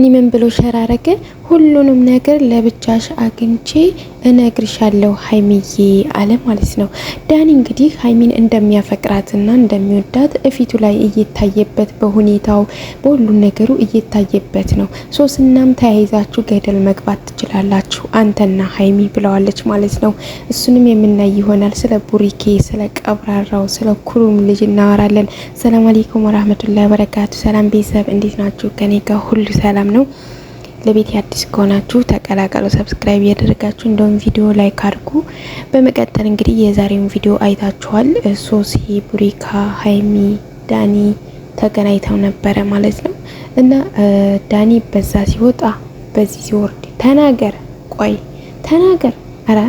እኔ ምን ብሎ ሸራረገ? ሁሉንም ነገር ለብቻሽ አግኝቼ እነግርሻለሁ ሀይሚዬ አለ ማለት ነው። ዳኒ እንግዲህ ሀይሚን እንደሚያፈቅራትና እንደሚወዳት እፊቱ ላይ እየታየበት በሁኔታው በሁሉ ነገሩ እየታየበት ነው። ሶስናም ተያይዛችሁ ገደል መግባት ትችላላችሁ አንተና ሀይሚ ብለዋለች ማለት ነው። እሱንም የምናይ ይሆናል። ስለ ቡሪኬ፣ ስለ ቀብራራው፣ ስለ ኩሩም ልጅ እናወራለን። ሰላም አሌይኩም ወራህመቱላሂ ወበረካቱ። ሰላም ቤተሰብ እንዴት ናችሁ? ከኔ ጋር ሁሉ ሰላም ፕሮግራም ነው። ለቤት አዲስ ከሆናችሁ ተቀላቀሉ፣ ሰብስክራይብ እያደረጋችሁ እንደውም ቪዲዮ ላይክ አድርጉ። በመቀጠል እንግዲህ የዛሬውን ቪዲዮ አይታችኋል። ሶሲ፣ ቡሪካ፣ ሀይሚ፣ ዳኒ ተገናኝተው ነበረ ማለት ነው እና ዳኒ በዛ ሲወጣ በዚህ ሲወርድ ተናገር ቆይ ተናገር ኧረ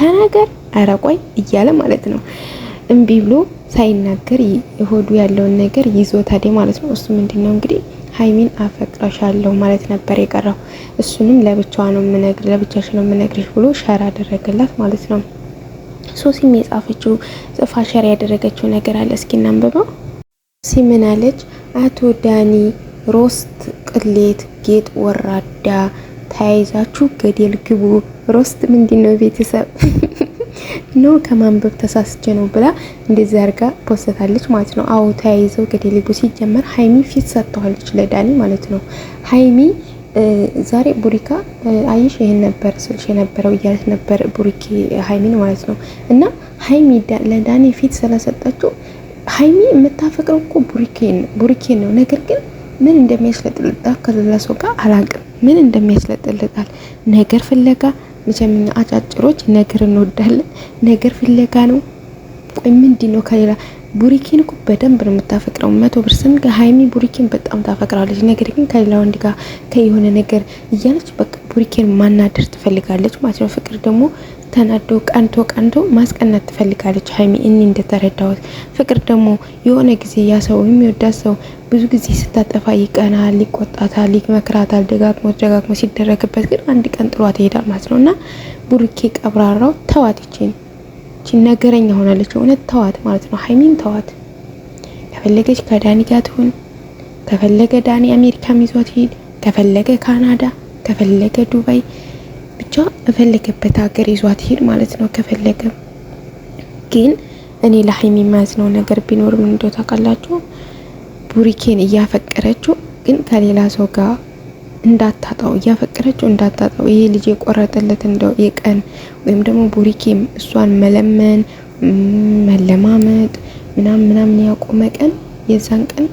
ተናገር ኧረ ቆይ እያለ ማለት ነው እምቢ ብሎ ሳይናገር ሆዱ ያለውን ነገር ይዞታዴ ማለት ነው። እሱ ምንድን ነው እንግዲህ ሀይሚን አፈቅረሻለሁ ማለት ነበር የቀረው። እሱንም ለብቻዋ ነው የምነግር ለብቻሽ ነው የምነግርሽ ብሎ ሸር አደረገላት ማለት ነው። ሶሲም የጻፈችው ጽፋ ሸር ያደረገችው ነገር አለ። እስኪ እናንብበው። ሲ ምን አለች? አቶ ዳኒ ሮስት ቅሌት፣ ጌጥ፣ ወራዳ ተያይዛችሁ ገደል ግቡ። ሮስት ምንድን ነው ቤተሰብ? ኖ ከማንበብ ተሳስቼ ነው ብላ እንደዚህ አርጋ ፖስታለች ማለት ነው። አዎ ተያይዘው ገደሌቡ ሲጀመር ሀይሚ ፊት ሰጥተዋለች ለዳኒ ማለት ነው። ሀይሚ ዛሬ ቡሪካ አይሽ ይሄን ነበር ስልሽ የነበረው እያለት ነበር ቡሪኬ ሀይሚን ማለት ነው። እና ሀይሚ ለዳኒ ፊት ስለሰጠችው ሀይሚ የምታፈቅረው እኮ ቡሪኬን ቡሪኬን ነው። ነገር ግን ምን እንደሚያስለጥልጣ ከሌላ ሰው ጋር አላቅም። ምን እንደሚያስለጥልጣል ነገር ፍለጋ መቼም እኛ አጫጭሮች ነገር እንወዳለን። ነገር ፍለጋ ነው። ቆይ ምንድን ነው ከሌላ ቡሪኪን እኮ በደንብ ነው የምታፈቅረው። መቶ ፐርሰንት ሀይሚ ቡሪኪን በጣም ታፈቅራለች። ነገር ግን ከሌላ ወንድ ጋር ከየሆነ ነገር እያለች በቃ ቡሪኪን ማናደር ትፈልጋለች ማለት ነው። ፍቅር ደግሞ ተናዶ ቀንቶ ቀንቶ ማስቀናት ትፈልጋለች ሀይሚ እኔ እንደተረዳሁት። ፍቅር ደግሞ የሆነ ጊዜ ያ ሰው የሚወዳት ሰው ብዙ ጊዜ ስታጠፋ ይቀናል፣ ይቆጣታል፣ ይመክራታል ደጋግሞ ደጋግሞ ሲደረግበት ግን አንድ ቀን ጥሏት ይሄዳል ማለት ነው እና ቡርኬ ቀብራራው ተዋት፣ ይችን ነገረኛ ሆናለች። እውነት ተዋት ማለት ነው ሀይሚን ተዋት። ከፈለገች ከዳኒ ጋር ትሁን፣ ከፈለገ ዳኒ አሜሪካ ይዟት ይሄድ፣ ከፈለገ ካናዳ፣ ከፈለገ ዱባይ ብቻ እፈለገበት ሀገር ይዟት ሄድ ማለት ነው። ከፈለገ ግን እኔ ለሀይሚ ነው ነገር ቢኖር ምን እንደው ታውቃላችሁ? ቡሪኬን እያፈቀረችው ግን ከሌላ ሰው ጋር እንዳታጣው እያፈቀረችው እንዳታጣው። ይሄ ልጅ የቆረጠለት እንደው የቀን ወይም ደግሞ ቡሪኬም እሷን መለመን መለማመጥ ምናምን ምናምን ያቆመ ቀን የዛን ቀን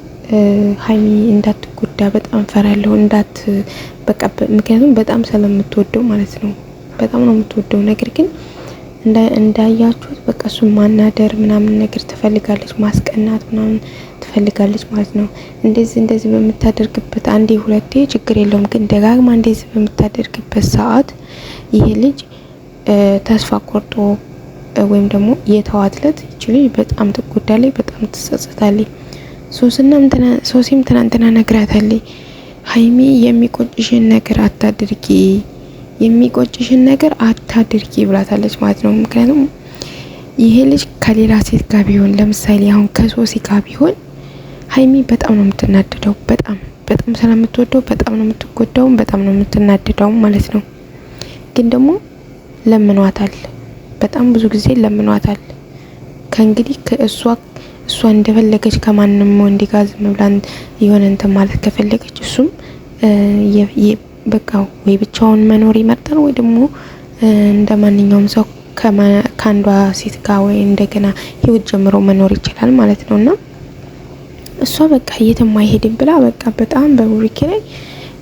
ሀይሚ እንዳትጎዳ በጣም ፈራለሁ እንዳት በቃ ምክንያቱም በጣም ስለምትወደው ማለት ነው። በጣም ነው የምትወደው። ነገር ግን እንዳያችሁት በቃ እሱን ማናደር ምናምን ነገር ትፈልጋለች፣ ማስቀናት ምናምን ትፈልጋለች ማለት ነው። እንደዚህ እንደዚህ በምታደርግበት አንዴ ሁለቴ ችግር የለውም፣ ግን ደጋግማ እንደዚህ በምታደርግበት ሰዓት ይሄ ልጅ ተስፋ ቆርጦ ወይም ደግሞ የተዋትለት ይች ልጅ በጣም ትጎዳለች፣ በጣም ትጸጸታለች። ሶሲም ትናንትና ነግራታለች ሀይሚ የሚቆጭሽን ነገር አታድርጊ፣ የሚቆጭሽን ነገር አታድርጊ ብላታለች ማለት ነው። ምክንያቱም ይሄ ልጅ ከሌላ ሴት ጋር ቢሆን ለምሳሌ አሁን ከሶሲ ጋር ቢሆን ሀይሚ በጣም ነው የምትናደደው። በጣም በጣም ስለምትወደው በጣም ነው የምትጎዳው፣ በጣም ነው የምትናደደው ማለት ነው። ግን ደግሞ ለምኗታል፣ በጣም ብዙ ጊዜ ለምኗታል። ከእንግዲህ ከእሷ እሷ እንደፈለገች ከማንም ወንድ ጋር ዝም ብላን የሆነ እንትን ማለት ከፈለገች እሱም በቃ ወይ ብቻውን መኖር ይመርጣል ወይ ደግሞ እንደ ማንኛውም ሰው ከአንዷ ሴት ጋር ወይ እንደገና ህይወት ጀምሮ መኖር ይችላል ማለት ነው። እና እሷ በቃ የትም አይሄድም ብላ በቃ በጣም በቡሪኬ ላይ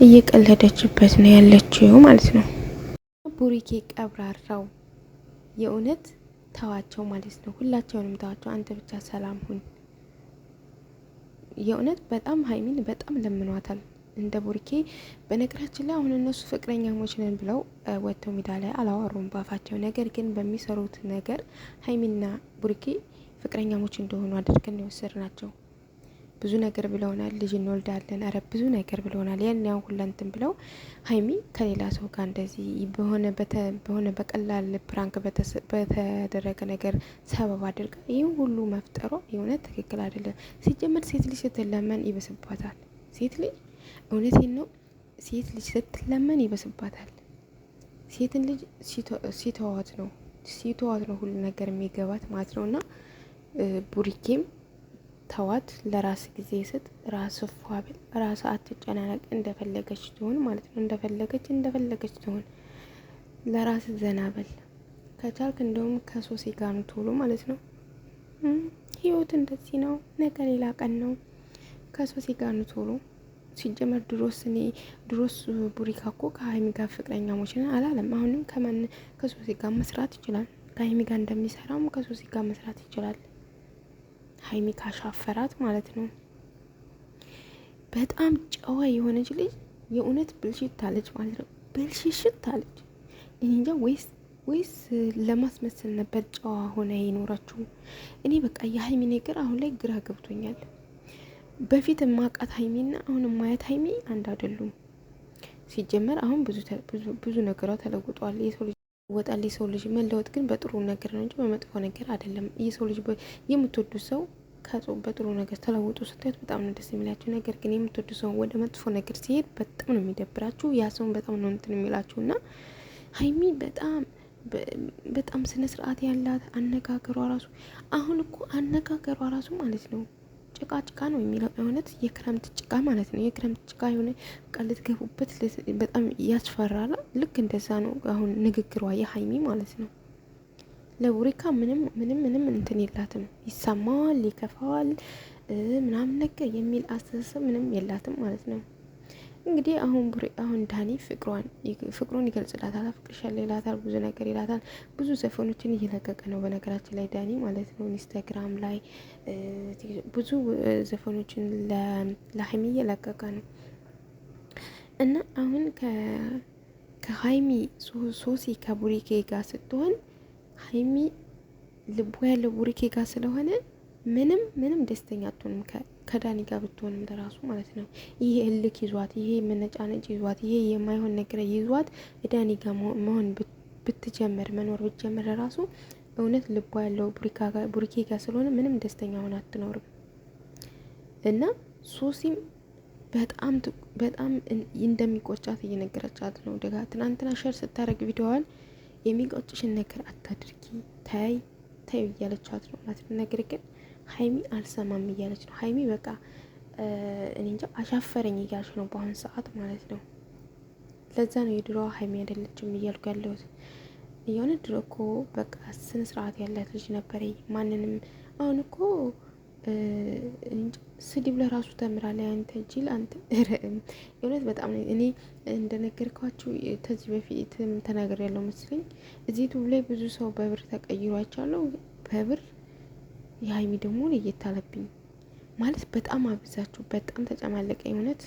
እየቀለደችበት ነው ያለችው ማለት ነው። ቡሪኬ ቀብራራው የእውነት ተዋቸው ማለት ነው። ሁላቸውንም ተዋቸው፣ አንተ ብቻ ሰላም ሁን። የእውነት በጣም ሀይሚን በጣም ለምኗታል እንደ ቡርኬ። በነገራችን ላይ አሁን እነሱ ፍቅረኛሞች ነን ብለው ወጥተው ሜዳ ላይ አላወሩም ባፋቸው፣ ነገር ግን በሚሰሩት ነገር ሀይሚና ቡርኬ ፍቅረኛሞች እንደሆኑ አድርገን ናቸው። ብዙ ነገር ብለውናል፣ ልጅ እንወልዳለን፣ ረ ብዙ ነገር ብለውናል። ያን ያን ሁለንትን ብለው ሀይሚ ከሌላ ሰው ጋር እንደዚህ በሆነ በሆነ በቀላል ፕራንክ በተደረገ ነገር ሰበብ አድርጋ ይህ ሁሉ መፍጠሯ የእውነት ትክክል አይደለም። ሲጀመር ሴት ልጅ ስትለመን ይበስባታል። ሴት ልጅ እውነቴን ነው፣ ሴት ልጅ ስትለመን ይበስባታል። ሴትን ልጅ ሲተዋት ነው ሲተዋት ነው ሁሉ ነገር የሚገባት ማለት ነው እና ቡሪኬም ተዋት፣ ለራስ ጊዜ ስጥ፣ ራስ ፏብል፣ ራስ አትጨናነቅ፣ እንደፈለገች ትሆን ማለት ነው። እንደፈለገች እንደፈለገች ትሆን፣ ለራስ ዘናበል ከቻልክ እንደውም ከሶሲ ጋር ቶሎ ማለት ነው። ህይወት እንደዚህ ነው፣ ነገ ሌላ ቀን ነው። ከሶሲ ጋር ቶሎ ሲጀመር ድሮስ እኔ ድሮስ ቡሪካ እኮ ከሀይሚ ጋር ፍቅረኛሞች አላለም። አሁንም ከማን ከሶሲ ጋር መስራት ይችላል። ከሀይሚ ጋር እንደሚሰራውም ከሶሲ ጋር መስራት ይችላል። ሀይሚ ካሻፈራት ማለት ነው። በጣም ጨዋ የሆነች ልጅ የእውነት ብልሽት ታለች ማለት ነው። ብልሽሽት ታለች። እንጃ ወይስ ወይስ ለማስመሰል ነበር ጨዋ ሆነ የኖረችው። እኔ በቃ የሀይሚ ነገር አሁን ላይ ግራ ገብቶኛል። በፊት የማውቃት ሀይሚና አሁን የማያት ሀይሚ አንድ አይደሉም። ሲጀመር አሁን ብዙ ብዙ ነገሯ ተለውጧል። የሰው ልጅ ይለወጣል። የሰው ልጅ መለወጥ ግን በጥሩ ነገር ነው እንጂ በመጥፎ ነገር አይደለም። የሰው ልጅ የምትወዱት ሰው በጥሩ ነገር ተለውጦ ስታዩት በጣም ነው ደስ የሚላቸው። ነገር ግን የምትወዱ ሰው ወደ መጥፎ ነገር ሲሄድ በጣም ነው የሚደብራችሁ። ያ ሰውን በጣም ነው እንትን የሚላችሁ እና ሀይሚ በጣም በጣም ስነ ስርዓት ያላት አነጋገሯ ራሱ አሁን እኮ አነጋገሯ ራሱ ማለት ነው ጭቃ ጭቃ ነው የሚለው እውነት የክረምት ጭቃ ማለት ነው። የክረምት ጭቃ የሆነ ቃል ልትገቡበት በጣም ያስፈራል። ልክ እንደዛ ነው አሁን ንግግሯ የሀይሚ ማለት ነው። ለቡሪካ ምንም ምንም ምንም እንትን የላትም። ይሰማዋል፣ ይከፋዋል፣ ምናምን ነገር የሚል አስተሳሰብ ምንም የላትም ማለት ነው። እንግዲህ አሁን ቡሬ አሁን ዳኒ ፍቅሯን ፍቅሩን ይገልጽላታል፣ አፍቅርሻለሁ ይላታል፣ ብዙ ነገር ይላታል። ብዙ ዘፈኖችን እየለቀቀ ነው በነገራችን ላይ ዳኒ ማለት ነው። ኢንስታግራም ላይ ብዙ ዘፈኖችን ለሀይሚ እየለቀቀ ነው እና አሁን ከሀይሚ ሶሲ ከቡሪኬ ጋር ስትሆን ሀይሚ ልቦ ያለው ቡሪኬ ጋር ስለሆነ ምንም ምንም ደስተኛ አትሆንም። ከዳኒ ጋር ብትሆንም ለራሱ ማለት ነው ይሄ እልክ ይዟት፣ ይሄ መነጫነጭ ይዟት፣ ይሄ የማይሆን ነገር ይዟት ዳኒ ጋር መሆን ብትጀምር መኖር ብትጀምር ለራሱ እውነት ልቧ ያለው ቡሪኬ ጋር ስለሆነ ምንም ደስተኛ ሆን አትኖርም። እና ሶሲም በጣም በጣም እንደሚቆጫት እየነገረቻት ነው። ደጋ ትናንትና ሸር ስታደርግ ቪዲዮዋን የሚቆጭሽን ነገር አታድርጊ፣ ተይ ተይ እያለቻት ነው ማለት ነገር ግን ሀይሚ አልሰማም እያለች ነው። ሀይሚ በቃ እኔ እንጃ አሻፈረኝ እያለች ነው በአሁን ሰዓት ማለት ነው። ለዛ ነው የድሮ ሀይሚ አይደለችም እያልኩ ያለሁት። የሆነ ድሮ እኮ በቃ ስነ ስርዓት ያላት ልጅ ነበረ። ማንንም አሁን እኮ ስድብ ለራሱ ተምራለ። አንተ ጅል አንተ የእውነት በጣም እኔ እንደነገርኳችሁ ከዚህ በፊት ተናገር ያለው መስለኝ እዚህ ቱብ ላይ ብዙ ሰው በብር ተቀይሯቸዋለሁ በብር የሀይሚ ደግሞ ለየት አለብኝ ማለት በጣም አብዛችሁ በጣም ተጨማለቀ እውነት